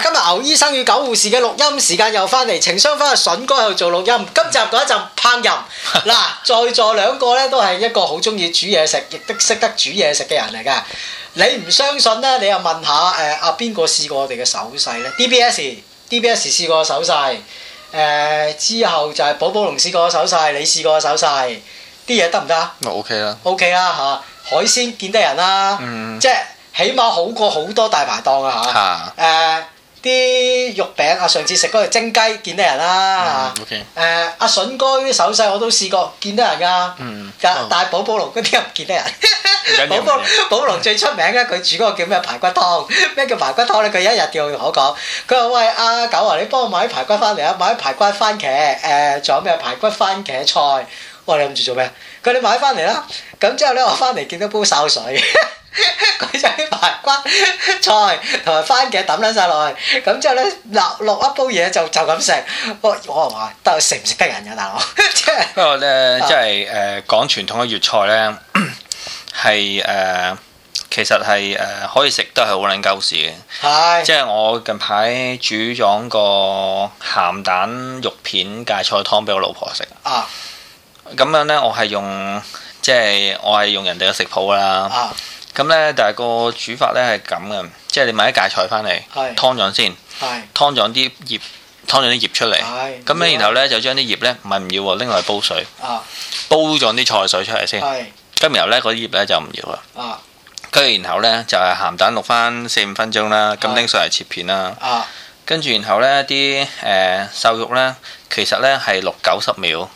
今日牛醫生與狗護士嘅錄音時間又返嚟，情商返去筍哥度做錄音。今集嗰一陣烹飪，嗱 在座兩個咧都係一個好中意煮嘢食，亦都識得煮嘢食嘅人嚟㗎。你唔相信咧？你又問下誒阿邊個試過我哋嘅手勢咧？D B S D B S 試過手勢，誒、呃、之後就係寶寶龍試過手勢，你試過手勢，啲嘢得唔得？咪 O K 啦，O K 啦嚇，海鮮見得人啦、啊，嗯、即係起碼好過好多大排檔啊嚇，誒、啊。啊啲肉餅啊，上次食嗰個蒸雞見得人啦、啊、嚇、mm, okay. 啊，誒阿筍哥啲手勢我都試過，見得人噶、啊，mm, oh. 但係寶寶龍嗰啲唔見得人、啊。 寶寶寶龍最出名咧，佢煮嗰個叫咩排骨湯？咩叫排骨湯咧？佢一日叫我同我講，佢話喂阿九啊，啊，你幫我買啲排骨翻嚟啊，買啲排骨番茄，誒、呃、仲有咩排骨番茄菜？哦、你你我諗住做咩？佢哋買翻嚟啦，咁之後咧，我翻嚟見到煲潲水，攞曬啲排骨菜同埋番茄抌撚晒落去，咁之後咧落、落一煲嘢就就咁食。我我話得食唔食得人嘅、啊、大佬，即係不過咧即係誒講傳統嘅粵菜咧係誒，其實係誒、呃、可以食都係好撚鳩事嘅。係，即係我近排煮咗個鹹蛋肉片芥菜湯俾我老婆食啊。咁樣呢，是我係用即係我係用人哋嘅食譜啦。咁呢、啊，但係個煮法呢係咁嘅，即係你買一芥菜返嚟，是湯咗先，是湯咗啲葉，湯咗啲葉出嚟。咁呢，然後呢，就將啲葉呢，唔係唔要，拎落去煲水，煲咗啲菜水出嚟先。跟住然後呢，嗰啲葉呢，就唔要啦。跟住然後呢，就係鹹蛋淥翻四五分鐘啦，拎上嚟切片啦，跟住然後呢，啲誒瘦肉呢。其實咧係六九十秒，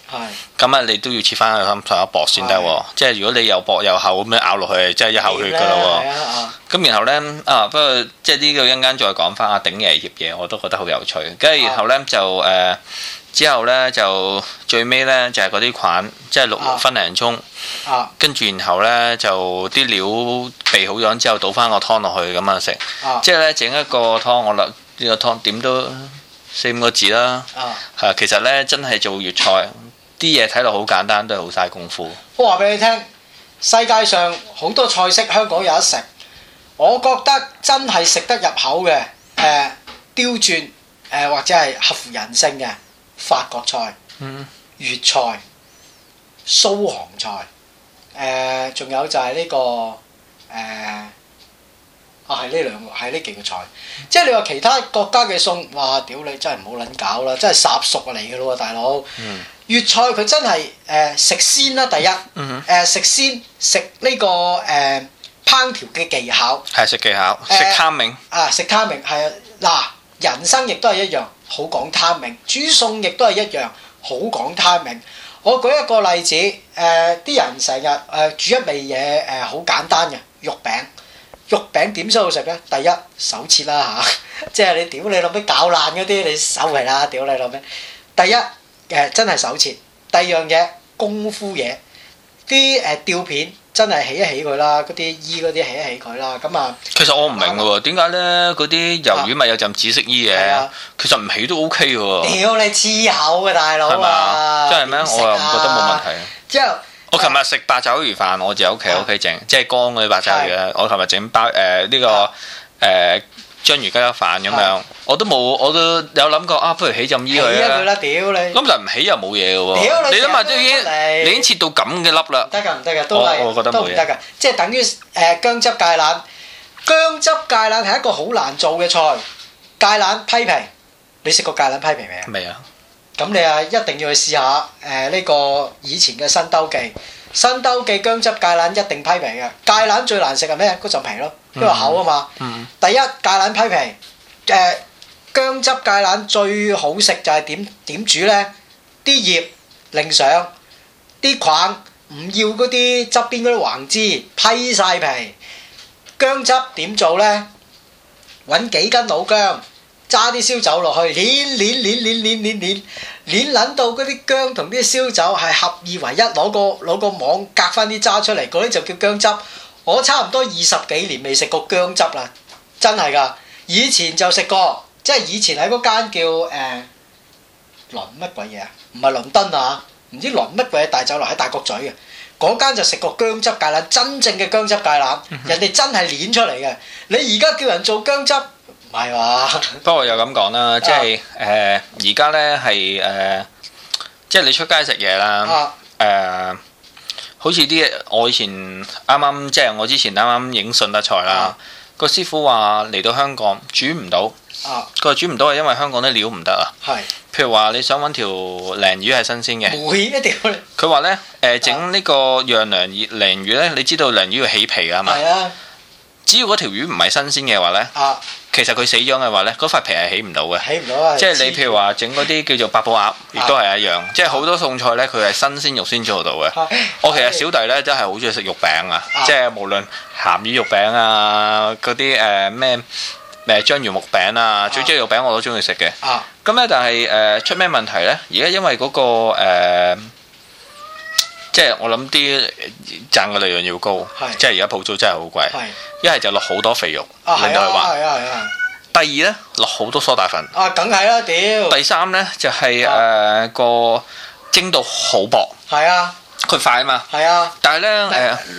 咁啊是你都要切翻啱同一薄先得喎。是即係如果你又薄又厚咁樣咬落去，即係一口血噶喇喎。咁呢然後咧啊，啊，不過即係呢個一間再講翻阿鼎爺醃嘢我都覺得好有趣。跟住、啊、然後咧就誒、呃，之後咧就最尾咧就係嗰啲菌，即係六六分量鐘跟住、啊、然後咧就啲料備好咗之後，倒翻個湯落去咁樣食。即係咧整一個湯、啊，我諗呢、這個湯點都～四五個字啦，啊，其實咧真係做粵菜啲嘢，睇落好簡單，都係好嘥功夫。我話俾你聽，世界上好多菜式香港有得食，我覺得真係食得入口嘅，誒、呃，刁鑽誒、呃、或者係合乎人性嘅法國菜、粵、嗯、菜、蘇杭菜，誒、呃，仲有就係呢、這個誒。呃啊，係呢兩個，係呢幾個菜。即係你話其他國家嘅餸，哇！屌你，真係唔好撚搞啦，真係殺熟嚟嘅咯喎，大佬。粵、嗯、菜佢真係誒、呃、食鮮啦，第一。嗯哼、呃。食鮮，食呢、這個誒、呃、烹調嘅技巧。係食技巧。呃、食 timing。啊，食 timing，m 係啊！嗱，人生亦都係一樣，好講 timing，煮餸亦都係一樣，好講 timing。我舉一個例子，誒、呃、啲人成日誒煮一味嘢誒好簡單嘅肉餅。肉餅點先好食嘅？第一手切啦嚇、啊，即係你屌你老味搞爛嗰啲，你手嚟啦，屌你老味！第一誒、呃、真係手切，第二樣嘢功夫嘢，啲誒吊片真係起一起佢啦，嗰啲衣嗰啲起一起佢啦，咁啊。其實我唔明嘅喎，點解咧嗰啲魷魚咪有陣紫色衣嘅？啊、其實唔起都 O K 嘅喎。屌你黐口嘅大佬啊！真係咩？啊、我又唔覺得冇問題啊！之後。我琴日食八爪魚飯，我就喺屋企屋企整，即係乾嗰啲八爪魚啦。我琴日整包誒呢個誒章魚雞粒飯咁樣，我都冇，我都有諗過啊，不如起浸依佢啦。咁就唔起又冇嘢嘅喎。你諗下都已經，你已經切到咁嘅粒啦。得噶唔得噶，都係，都唔得噶。即係等於誒薑汁芥蘭，薑汁芥蘭係一個好難做嘅菜。芥蘭批皮，你食過芥蘭批皮未啊？未啊。咁你啊一定要去試下誒呢個以前嘅新兜記，新兜記薑汁芥蘭一定批皮嘅，芥蘭最難食係咩？嗰層皮咯，因為厚啊嘛。第一芥蘭批皮，誒薑汁芥蘭最好食就係點點煮呢？啲葉擰上，啲梗唔要嗰啲側邊嗰啲橫枝，批曬皮。薑汁點做呢？揾幾斤老薑。揸啲燒酒落去捻捻捻捻捻捻捻，捻到嗰啲姜同啲燒酒係合二為一，攞個攞個網隔翻啲渣出嚟，嗰啲就叫姜汁。我差唔多二十幾年未食過姜汁啦，真係噶。以前就食過，即係以前喺嗰間叫誒倫乜鬼嘢啊，唔係倫敦啊，唔知倫乜鬼嘢。大酒樓喺大角咀啊，嗰間就食過姜汁芥蘭，真正嘅姜汁芥蘭，人哋真係捻出嚟嘅。你而家叫人做姜汁？係 不過又咁講啦，即係誒，而家咧係誒，即係你出街食嘢啦，誒、啊呃，好似啲我以前啱啱即係我之前啱啱影順德菜啦，啊、個師傅話嚟到香港煮唔到，佢話、啊、煮唔到係因為香港啲料唔得啊。係是，譬如話你想搵條鯪魚係新鮮嘅，佢話咧，誒，整、呃、呢個釀鯪鯪魚咧，你知道鯪魚要起皮噶嘛？係啊，吧只要嗰條魚唔係新鮮嘅話咧。啊其實佢死咗嘅話呢，嗰塊皮係起唔到嘅。起唔到啊！即係你譬如話整嗰啲叫做八寶鴨，亦都係一樣。啊、即係好多餸菜呢，佢係新鮮肉先做到嘅。啊、我其實小弟呢，真係好中意食肉餅啊！即係無論鹹魚肉餅啊，嗰啲誒咩章魚木餅啊，啊最中意肉餅我都中意食嘅。咁呢、啊，但係、呃、出咩問題呢？而家因為嗰、嗰個、呃即係我諗啲賺嘅利潤要高，即係而家鋪租真係好貴。一係就落好多肥肉嚟去滑，第二咧落好多梳打粉，啊梗係啦屌。第三咧就係誒個蒸到好薄，係啊，佢快啊嘛，係啊，但係咧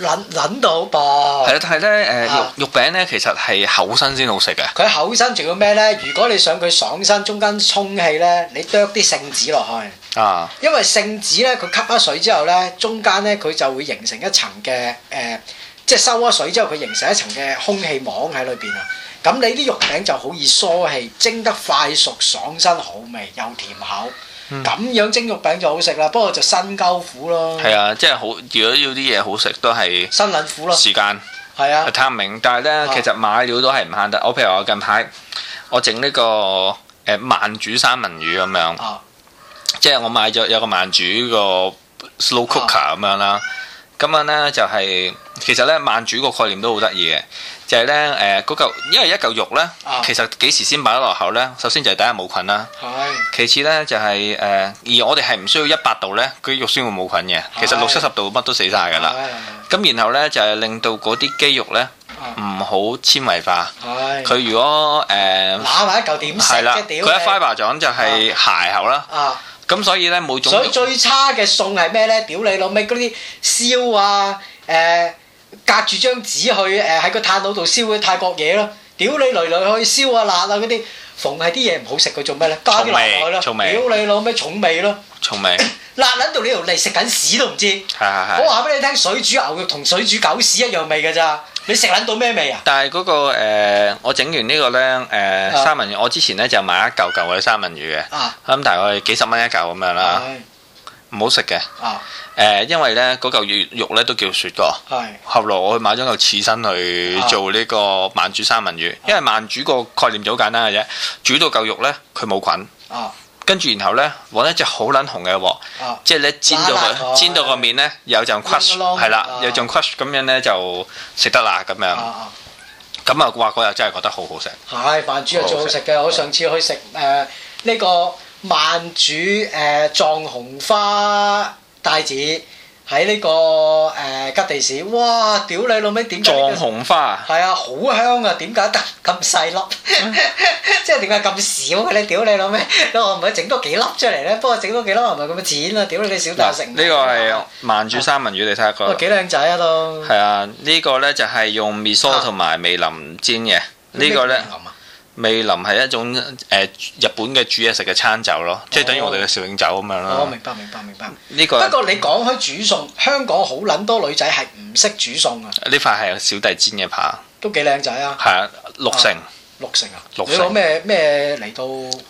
誒，攆攆到好薄，係啊，但係咧誒肉肉餅咧其實係厚身先好食嘅。佢厚身仲要咩咧？如果你想佢爽身，中間充氣咧，你剁啲聖子落去。啊！因為聖紙咧，佢吸咗水之後咧，中間咧佢就會形成一層嘅誒、呃，即係收咗水之後，佢形成一層嘅空氣網喺裏邊啊。咁你啲肉餅就好易疏氣，蒸得快熟，爽身好味又甜口，咁、嗯、樣蒸肉餅就好食啦。不過就辛鳩苦咯。係啊，即係好。如果要啲嘢好食，都係辛苦咯。時間係間啊，探明。但係咧，其實買料都係唔慳得。啊、我譬如近我近排我整呢個誒、啊、慢煮三文魚咁樣。啊即係我買咗有個慢煮個 slow cooker 咁樣啦，咁樣咧就係其實咧慢煮個概念都好得意嘅，就係咧誒嗰嚿，因為一嚿肉咧，其實幾時先擺得落口咧？首先就係第一冇菌啦，其次咧就係誒，而我哋係唔需要一百度咧，嗰啲肉先會冇菌嘅。其實六七十度乜都死晒㗎啦。咁然後咧就係令到嗰啲肌肉咧唔好纖維化。佢如果誒攬一嚿點食啫屌，佢一 fiber 咗就係鞋口啦。咁所以咧，冇種，種所以最差嘅餸係咩咧？屌你老味嗰啲燒啊，誒、呃、隔住張紙去誒喺個炭爐度燒嘅泰國嘢咯。屌你來來去去燒啊辣啊嗰啲，逢係啲嘢唔好食，佢做咩咧？加啲辣落去咯，重味，重味未，屌 你老味，重味咯。重味。辣撚到你條脷食緊屎都唔知。係係係。我話俾你聽，水煮牛肉同水煮狗屎一樣味㗎咋。你食撚到咩味啊？但係嗰個誒，我整完呢個咧誒，三文魚，我之前咧就買一嚿嚿嘅三文魚嘅，咁、啊、大概幾十蚊一嚿咁樣啦，唔是的 好食嘅。誒、啊呃，因為咧嗰嚿肉肉咧都叫雪過，是的 後來我去買咗嚿刺身去做呢個慢煮三文魚，啊、因為慢煮個概念就好簡單嘅啫，煮到嚿肉咧佢冇菌。啊跟住然後呢，搵一隻好撚紅嘅鑊，即係你煎到佢，煎到個面呢，有陣 crush，係啦，有陣 crush 咁樣呢，就食得啦咁樣。咁啊，話嗰日真係覺得好好食。係，飯煮係最好食嘅。我上次去食誒呢個慢煮誒藏紅花帶子。喺呢、這個誒、呃、吉地市，哇！屌你老味點解？藏紅花啊！係啊，好香啊！點解得咁細粒？即係點解咁少嘅咧？屌你老味，你可唔可以整多幾粒出嚟咧？不過整多幾粒係咪咁嘅錢啊？屌你啲少大成！呢個係慢煮三文魚，啊，你睇下，那個。哇！幾靚仔啊，啊啊啊都。係啊，這個，的這個呢個咧就係用味噌同埋味淋煎嘅。呢個咧。味淋係一種日本嘅煮嘢食嘅餐酒咯，即係等於我哋嘅紹興酒咁樣咯。我明白，明白，明白。呢個不過你講開煮餸，香港好撚多女仔係唔識煮餸啊！呢塊係小弟煎嘅扒，都幾靚仔啊！係啊，六成，六成啊！你攞咩咩嚟到？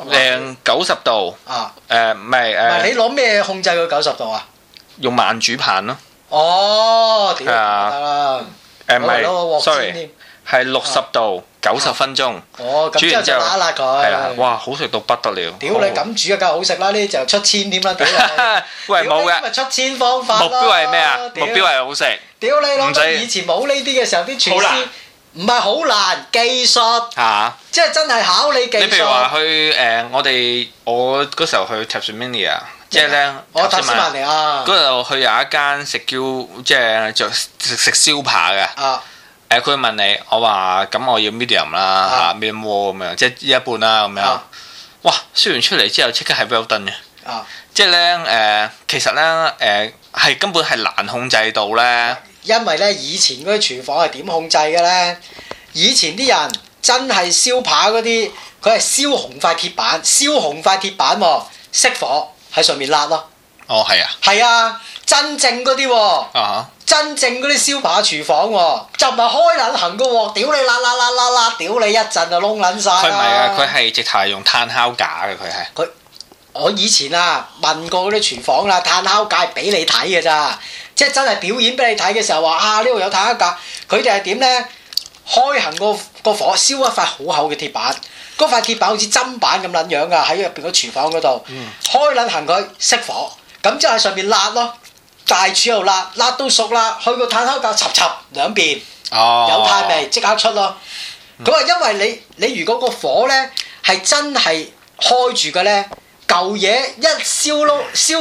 靚九十度啊！誒唔係誒？你攞咩控制佢九十度啊？用慢煮棒咯。哦，屌，得啦。係咯，鑊煎添。係六十度，九十分鐘，之後就揦辣佢，哇，好食到不得了！屌你咁煮嘅梗好食啦，呢就出千添啦！屌你，冇嘅出千方法目標係咩啊？目標係好食！屌你咯，以前冇呢啲嘅時候，啲廚師唔係好難技術，嚇，即係真係考你技術。你譬如話去誒，我哋我嗰時候去 Tasmania 啊，即係咧，我 Tasmania 啊，嗰度去有一間食叫即係著食燒扒嘅。誒佢、呃、問你，我話咁我要 medium 啦嚇，medium、啊、m 咁樣，即係、uh, uh, 一半啦咁樣。Uh, uh, 哇！燒完出嚟之後，即刻係 very done 嘅。啊！即係咧誒，其實咧誒係根本係難控制到咧。因為咧以前嗰啲廚房係點控制嘅咧？以前啲人真係燒扒嗰啲，佢係燒紅塊鐵板，燒紅塊鐵板喎、啊，熄火喺上面焫咯。哦，係啊，係啊，真正嗰啲喎，啊、uh，huh. 真正嗰啲燒扒廚房喎、哦，就唔係開冷行噶喎、哦，屌你啦啦啦啦啦，屌你一陣就燶撚晒。佢唔係啊，佢係、啊、直頭係用炭烤架嘅，佢係。佢我以前啊問過嗰啲廚房啦，炭烤架俾你睇嘅咋，即係真係表演俾你睇嘅時候話啊，呢度有炭烤架，佢哋係點呢？開行個個火燒一塊好厚嘅鐵板，嗰塊鐵板好似砧板咁撚樣㗎，喺入邊個廚房嗰度，嗯、開冷行佢熄火。咁即喺上面辣咯，大柱又辣，辣到熟啦，去個炭烤架插插兩邊，兩邊 oh，有炭味即刻出咯。咁啊，因為你你如果個火咧係真係開住嘅咧。舊嘢一燒燶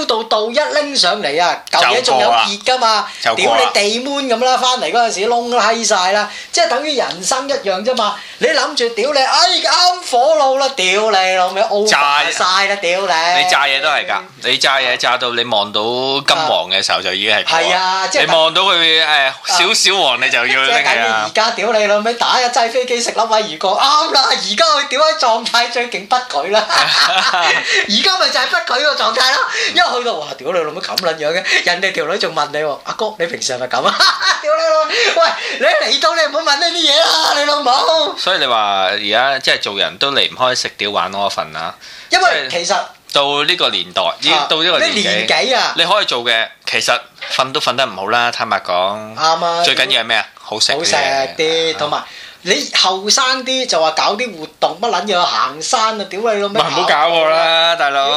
燒到一拎上嚟啊！舊嘢仲有熱㗎嘛？屌你地悶咁啦！翻嚟嗰陣時窿都閪晒啦，即係等於人生一樣啫嘛！你諗住屌你，哎啱火爐啦！屌你老味，曬曬啦！屌你，你炸嘢都係㗎，的你炸嘢炸到你望到金黃嘅時候就已經係，係啊！即你望到佢誒少少黃你就要拎嘢啦。而家、啊、屌你老味打一炸飛機食粒米魚乾啱啦！而家佢屌喺狀態最勁不舉啦？ 而家咪就係不舉個狀態咯，因為去到哇，屌你老母咁撚樣嘅，人哋條女仲問你喎，阿哥你平時係咪咁啊？屌你老，喂你嚟到你唔好問呢啲嘢啦，你老母。所以你話而家即係做人都離唔開食、屌、玩嗰份啦。因為其實到呢個年代，到呢個年，咩年紀啊？你可以做嘅，其實瞓都瞓得唔好啦，坦白講。啱啊。最緊要係咩啊？好食。好食啲，同埋。你後生啲就話搞啲活動乜撚嘢行山啊？屌你老味！唔好搞我啦，大佬。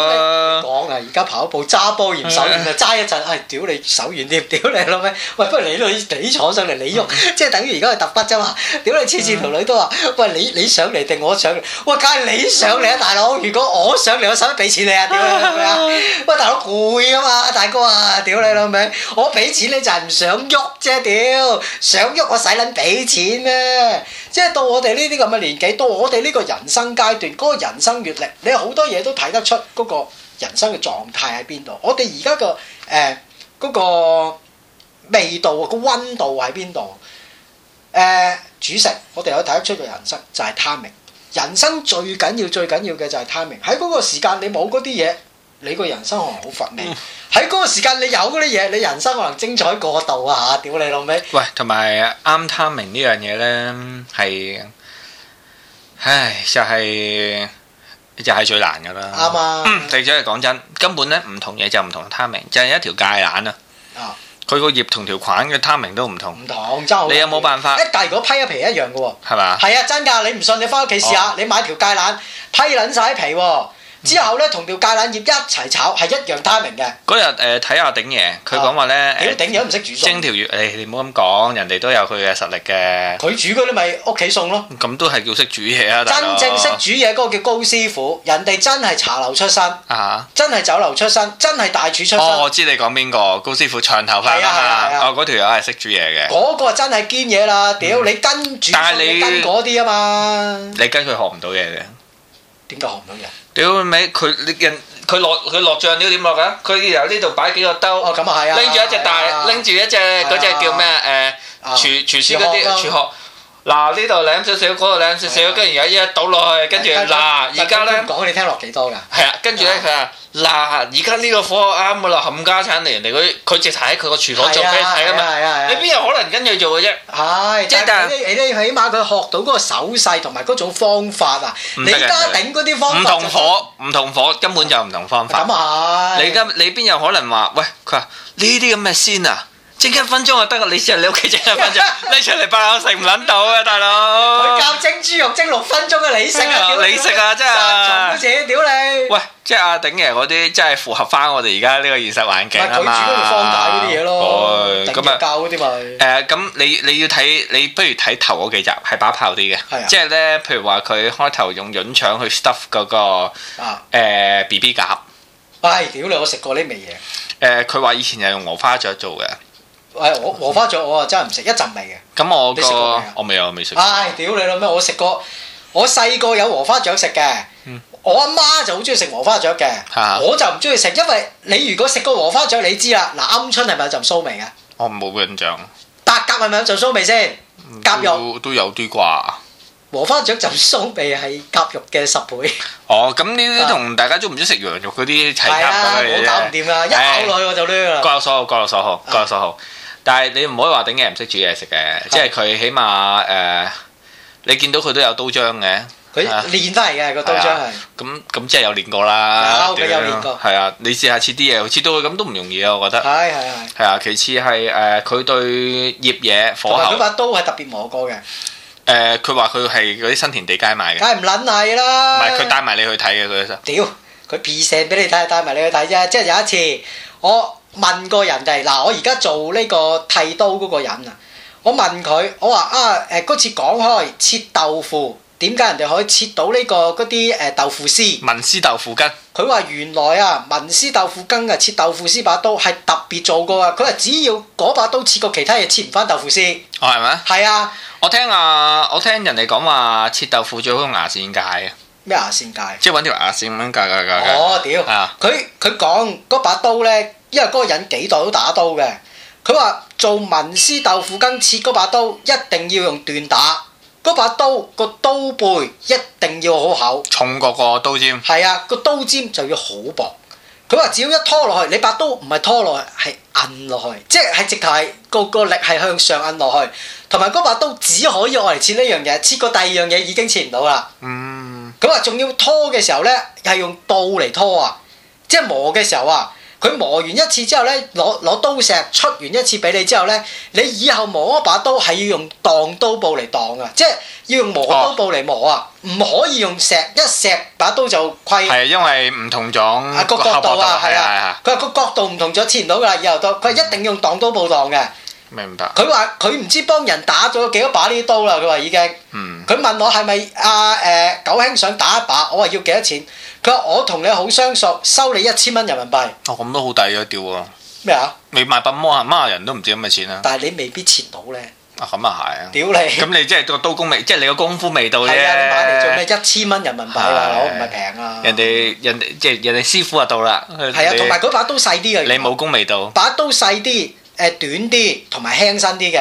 講啊，而家跑步揸波，嫌手軟就揸的一陣。哎，屌你手軟啲，屌你老味。喂，不如你老屎坐上嚟，你喐，即係等於在在而家去揼骨啫嘛。屌你黐線條女都話，喂你你上嚟定我上嚟？喂，梗係你上嚟啊，大佬！如果我上嚟，我使乜俾錢你啊？屌你老味！喂，大佬攰啊嘛，大哥啊！屌你老味、嗯，我俾錢你就係唔想喐啫，屌想喐我使撚俾錢啊？即係到我哋呢啲咁嘅年紀，到我哋呢個人生階段，嗰個人生閲歷，你好多嘢都睇得出嗰個人生嘅狀態喺邊度。我哋而家個誒嗰個味道、個溫度喺邊度？誒煮食，我哋可以睇得出個人生就係 timing。人生最緊要、最緊要嘅就係 timing。喺嗰個時間，你冇嗰啲嘢。你個人生可能好乏味，喺嗰、嗯、個時間你有嗰啲嘢，你人生可能精彩過度啊嚇！屌你老味！喂，同埋啱 timing 呢樣嘢呢，係，唉，就係、是、就係、是、最難噶啦。啱啊吧！地主、嗯，講真，根本呢，唔同嘢就唔同 timing，就係、是、一條芥蘭啊！佢個葉同條款嘅 timing 都唔同。唔同，你有冇辦法？一但如果批一皮是一樣嘅喎，係嘛吧？係啊，真噶！你唔信，你翻屋企試下，哦、你買一條芥蘭批撚晒皮喎。之後咧，同條芥蘭葉一齊炒，係一樣 timing 嘅。嗰日誒睇下鼎爺，佢講話咧，鼎爺都唔識煮餸。蒸條魚，你你唔好咁講，人哋都有佢嘅實力嘅。佢煮嗰啲咪屋企餸咯。咁都係叫識煮嘢啊！真正識煮嘢嗰個叫高師傅，人哋真係茶樓出身，嚇，真係酒樓出身，真係大廚出身。哦，我知你講邊個高師傅長頭髮啦，哦，嗰條友係識煮嘢嘅。嗰個真係堅嘢啦，屌你跟住。但係，你跟嗰啲啊嘛。你跟佢學唔到嘢嘅。點解學唔到人？屌你佢你人佢落佢落醬料點落㗎？佢由呢度擺幾個兜，拎住、哦啊、一隻大，拎住、啊、一隻嗰、啊、隻叫咩誒？廚、呃、廚、啊、師嗰啲廚學。嗱，呢度兩少少，嗰度兩少少，跟住又一倒落去，跟住嗱，而家咧講你聽落幾多噶？係啊，跟住咧佢話嗱，而家呢個火啱嘅啦，冚家鏟嚟，人哋佢佢直頭喺佢個廚房做俾你睇啊嘛，你邊有可能跟住做嘅啫？係，即係但係咧，起碼佢學到嗰個手勢同埋嗰種方法啊，你家頂嗰啲方法唔同火，唔同火根本就唔同方法。咁啊，你今你邊有可能話？喂，佢話呢啲咁嘅先啊！蒸一分鐘就得㗎，你試下你屋企蒸一分鐘，你出嚟爆冷食唔撚到啊，大佬！佢教蒸豬肉蒸六分鐘嘅，你食啊？你食啊？真係啊！三寸屌你！喂，即係阿鼎爺嗰啲，真係符合翻我哋而家呢個現實環境啊嘛！佢主放大嗰啲嘢咯，特別教嗰啲咪？誒，咁你你要睇，你不如睇頭嗰幾集係把炮啲嘅，即係咧，譬如話佢開頭用潤腸去 stuff 嗰個 B B 鴨。唉，屌你！我食過呢味嘢。誒，佢話以前就用鵝花醬做嘅。喂，我禾花雀我啊真係唔食一陣味嘅。咁我個我未有未食過。唉，屌你老咩！我食過，我細個有禾花雀食嘅。我阿媽就好中意食禾花雀嘅，我就唔中意食，因為你如果食過禾花雀，你知啦，嗱鵪鶉係咪有陣騷味啊？我冇印象。搭鴿係咪有陣騷味先？鴿肉都有啲啩。禾花雀就騷味係鴿肉嘅十倍。哦，咁呢啲同大家中唔中意食羊肉嗰啲齊搭。我搞唔掂噶，一口落去我就攣啦。各有所好，各有所好，各有所好。但係你唔可以話頂嘢唔識煮嘢食嘅，的即係佢起碼誒、呃，你見到佢都有刀章嘅，佢練都嚟嘅個刀章係。咁咁即係有練過啦，有係啊，你試下切啲嘢，好似到咁都唔容易啊，我覺得。係啊，其次係誒，佢、呃、對醃嘢火候。佢把刀係特別磨過嘅。誒、呃，佢話佢係嗰啲新填地街買嘅。梗係唔撚係啦。唔係佢帶埋你去睇嘅，佢真。屌，佢皮成俾你睇，帶埋你去睇啫，即係有一次我。問過人哋嗱，我而家做呢個剃刀嗰個人啊，我問佢，我話啊誒嗰次講開切豆腐，點解人哋可以切到呢、呢個嗰啲誒豆腐絲？文思豆腐羹。佢話原來啊，文思豆腐羹啊，切豆腐絲把刀係特別做過啊。佢話只要嗰把刀切過其他嘢，切唔翻豆腐絲。哦，係咪？係啊，我聽啊，我聽人哋講話切豆腐最好用牙線戒、哦、啊。咩牙線戒？即係揾條牙線咁樣戒嘅。我，屌！啊，佢佢講嗰把刀咧。因為嗰個人幾代都打刀嘅，佢話做文思豆腐羹切嗰把刀一定要用斷打，嗰把刀個刀背一定要好厚，重過個刀尖。係啊，個刀尖就要好薄。佢話只要一拖落去，你把刀唔係拖落去係摁落去，即係直頭係個個力係向上摁落去。同埋嗰把刀只可以用嚟切呢樣嘢，切過第二樣嘢已經切唔到啦。嗯。咁啊，仲要拖嘅時候咧係用刀嚟拖啊，即係磨嘅時候啊。佢磨完一次之後咧，攞攞刀石出完一次俾你之後咧，你以後磨一把刀係要用擋刀布嚟擋啊，即係要用磨刀布嚟磨啊，唔、哦、可以用石一石把刀就攪。係因為唔同種個角度啊，係啊，佢個角度唔同咗，切唔到噶啦，以後都，佢一定要用擋刀布擋嘅。明白。佢話佢唔知幫人打咗幾多把呢啲刀啦，佢話已經。嗯。佢問我係咪啊，誒九兄想打一把？我話要幾多錢？佢話我同你好相熟，收你一千蚊人民幣。哦，咁都好抵嘅屌啊！咩啊？你賣白魔啊？孖人都唔知咁嘅錢啊！但係你未必切到咧。啊，咁啊係啊。屌你！咁你即係個刀工未？即係你個功夫未到咧？係啊，你買嚟做咩？一千蚊人民幣啊，我唔係平啊！人哋人哋即係人哋師傅啊，到啦。係啊，同埋嗰把刀細啲啊。你武功未到。把刀細啲。誒短啲，同埋輕身啲嘅，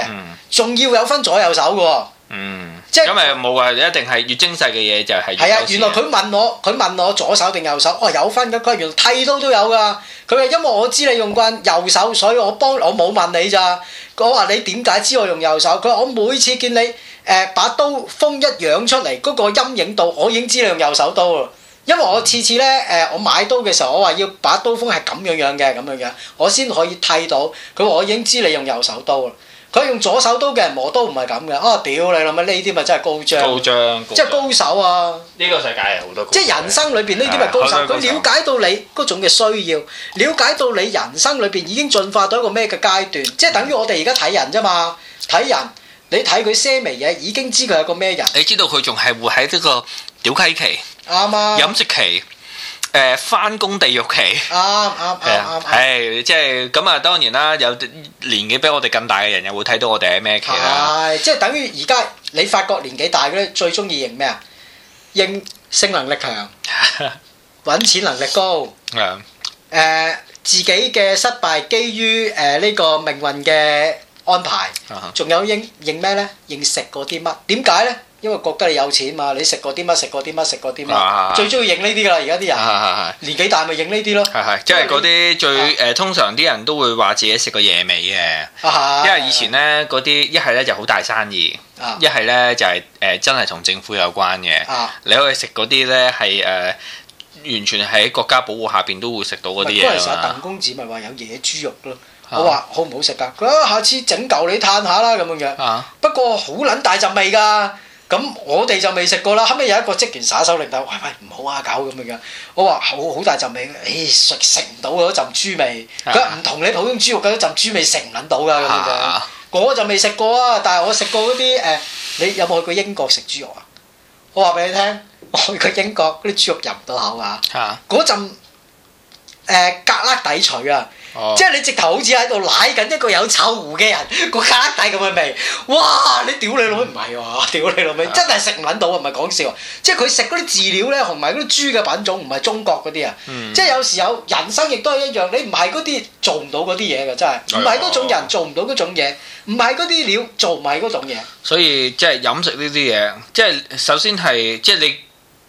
仲要有分左右手㗎喎。嗯，即係咁咪冇啊，一定係越精細嘅嘢就係。係啊，原來佢問我，佢問我左手定右手？哦，有分嘅。佢原來剃刀都有㗎。佢話因為我知你用慣右手，所以我幫我冇問你咋。我話你點解知我用右手？佢話我每次見你誒把刀鋒一揚出嚟，嗰個陰影度，我已經知你用右手刀啦。因為我次次咧誒，我買刀嘅時候，我話要把刀鋒係咁樣樣嘅咁樣樣，我先可以剃到。佢話我已經知你用右手刀啦。佢用左手刀嘅人磨刀唔係咁嘅。啊屌！你諗下呢啲咪真係高章？高章，即係高手啊！呢個世界係好多高手，啊。即係人生裏邊呢啲咪高手？佢了解到你嗰種嘅需要，了解到你人生裏邊已經進化到一個咩嘅階段？即係、嗯、等於我哋而家睇人啫嘛，睇人，你睇佢些微嘢已經知佢係一個咩人？你知道佢仲係活喺呢個屌雞期。啱啊！飲食期，誒翻工地獄期，啱啱啱，係即係咁啊！當然啦，有年紀比我哋更大嘅人又會睇到我哋係咩期啦。係即係等於而家你發覺年紀大嗰啲最中意認咩啊？認性能力強，揾錢能力高。誒自己嘅失敗基於誒呢個命運嘅安排，仲有認認咩呢？認食過啲乜？點解呢？因為覺得你有錢嘛，你食過啲乜？食過啲乜？食過啲乜？最中意影呢啲噶啦，而家啲人年紀大咪影呢啲咯。係係，即係嗰啲最誒，通常啲人都會話自己食過野味嘅。因為以前呢嗰啲一係呢就好大生意，一係呢就係誒真係同政府有關嘅。你可以食嗰啲呢，係誒完全喺國家保護下邊都會食到嗰啲嘢啦。嗰陣時，鄧公子咪話有野豬肉咯。我話好唔好食㗎？佢話下次整嚿你嘆下啦咁樣嘅。不過好撚大陣味㗎。咁我哋就未食過啦，後尾有一個職員耍手擰頭，但係喂喂唔、啊、好啊搞咁嘅。我話好好大陣味，誒食食唔到嗰陣豬味。佢話唔同你普通豬肉嗰陣豬味食唔撚到㗎，咁是、啊、我就未食過啊，但係我食過嗰啲誒，你有冇去過英國食豬肉啊？我話俾你聽，我去過英國嗰啲豬肉入唔到口是啊那，嗰陣誒格拉底取啊！哦、即係你直頭好似喺度舐緊一個有臭狐嘅人，個卡底咁嘅味，哇！你屌你老味唔係喎，屌你老味！真係食唔卵到啊，唔係講笑，即係佢食嗰啲飼料咧，同埋嗰啲豬嘅品種唔係中國嗰啲啊，嗯、即係有時候人生亦都係一樣，你唔係嗰啲做唔到嗰啲嘢嘅，真係唔係嗰種人做唔到嗰種嘢，唔係嗰啲料做唔係嗰種嘢。所以即係飲食呢啲嘢，即係首先係即係你。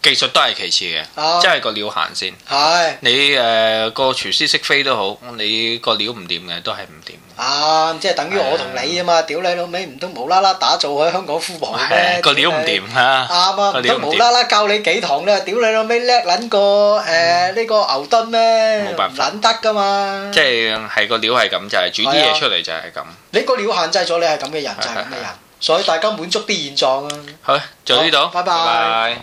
技術都係其次嘅，真係個料行先。係你誒個廚師識飛都好，你個料唔掂嘅都係唔掂。係即係等於我同你啊嘛，屌你老味唔通無啦啦打造喺香港富婆咩？個料唔掂啊！啱啊，唔通無啦啦教你幾堂咧？屌你老味叻捻過誒呢個牛頓咩？冇辦法，捻得噶嘛。即係係個料係咁就係煮啲嘢出嚟就係咁。你個料限制咗你係咁嘅人就係咁嘅人，所以大家滿足啲現狀啊。好就呢度，拜拜。